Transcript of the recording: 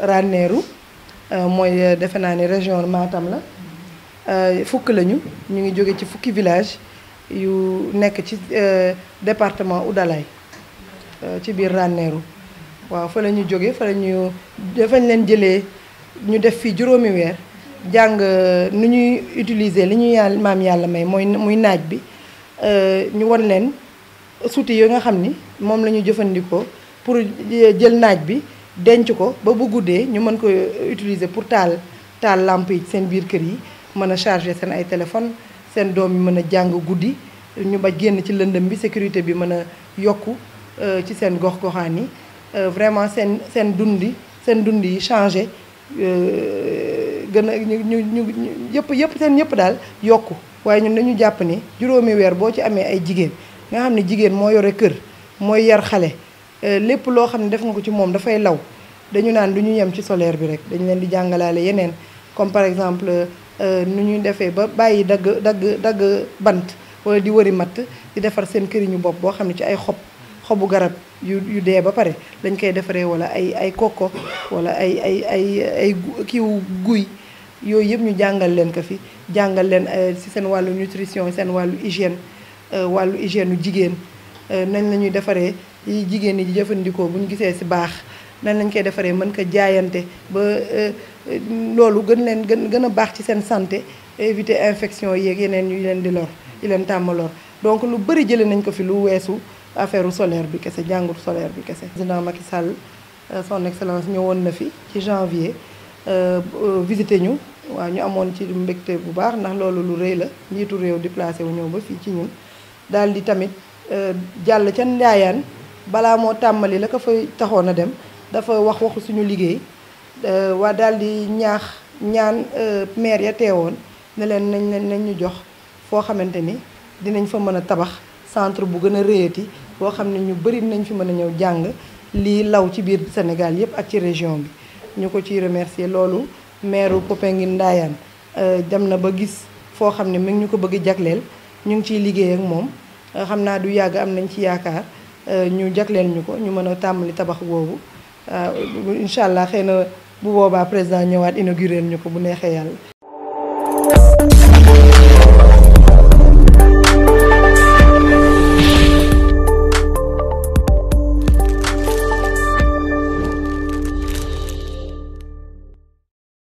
Ranérou euh, mooy euh, defe naa ni région Matam la euh, fukk lañu ñu ngi jóge ci fukki village yu nekk ci département Oudalaye ci biir rànneeru waaw fa la ñu jóge fa la ñu leen jëlee ñu def fii juróomi weer jàng ni ñuy utiliser li ñuy yàlla maam yàlla may mooy muy naaj bi ñu won leen suuti yoo nga xam ni moom la jëfandikoo pour jël naaj bi denc ko ba bu guddee ñu mën ko utiliser pour tal tal lampe yi biir kër yi mëna charger sen ay téléphone sen doom yi mëna jang ñu ba génn ci lëndëm bi sécurité bi mëna yokku euh, ci sen gox euh, vraiment sen sen dundi sen dundi yi changer euh a ñu ñu yëpp yëpp yokku waye ñun dañu japp ni des wër bo ci amé ay nga kër yar Euh, lépp loo xam ne def nga ko ci moom dafay law dañu naan du ñu yem ci solaire bi rek dañu leen di jàngalaale yeneen comme par exemple euh, nu ñuy defee ba bàyyi dagg dagg dagg bant wala di wari matt di defar seen këriñu bopp boo xam ne ci ay xob xobu garab yu yu dee ba pare lañ koy defaree wala ay ay kokko wala ay ay ay ay kiiw guy yooyu yëpp ñu jàngal leen ko fi jàngal leen ci euh, seen wàllu nutrition seen wàllu hygiène wàllu hygiène u jigéen nañ lañuy defaree yi jigéen ñi jëfandikoo bu ñu gisee si baax nan lañ koy defaree mën ko jaayante ba euh, loolu gën leen gën gën a baax ci seen santé éviter infection yeeg yeneen yu leen di lor yu leen tàmm lor donc lu bëri jëlee nañ ko fi lu weesu affaire solaire bi kese jàngur solaire bi kese. président Macky Sall euh, son excellence ñëwoon na fi ci janvier euh, visité ñu waaw ñu amoon ci mbégte bu baax ndax loolu lu rëy la njiitu réew déplacé wu ñëw ba fii ci ñun daal di tamit jàll ca Ndaayaan. balaa moo tàmbali la ko fay taxoon a dem dafa wax waxu suñu liggéey euh, waa daal ñaax ñaan euh, maire ya teewoon ne leen nañ leen nañ ñu jox foo xamante ni dinañ fa mën a tabax centre bu gën a rëyati boo xam ne ñu bëri nañ fi mën a ñëw jàng lii law ci biir Sénégal yëpp ak ci région bi ñu ko ci remercier loolu maire Popenguine Ndayane euh, dem na ba gis foo xam ne mi ngi ñu ko bëgg jagleel ñu ngi ciy liggéey ak moom xam naa du yàgg am nañ ci yaakaar Euh, ñu jagleel ñu ko ñu mën a tàmbali tabax boobu euh, incha allah xëy na bu boobaa président ñëwaat inauguré ñu ko bu neexee yàlla.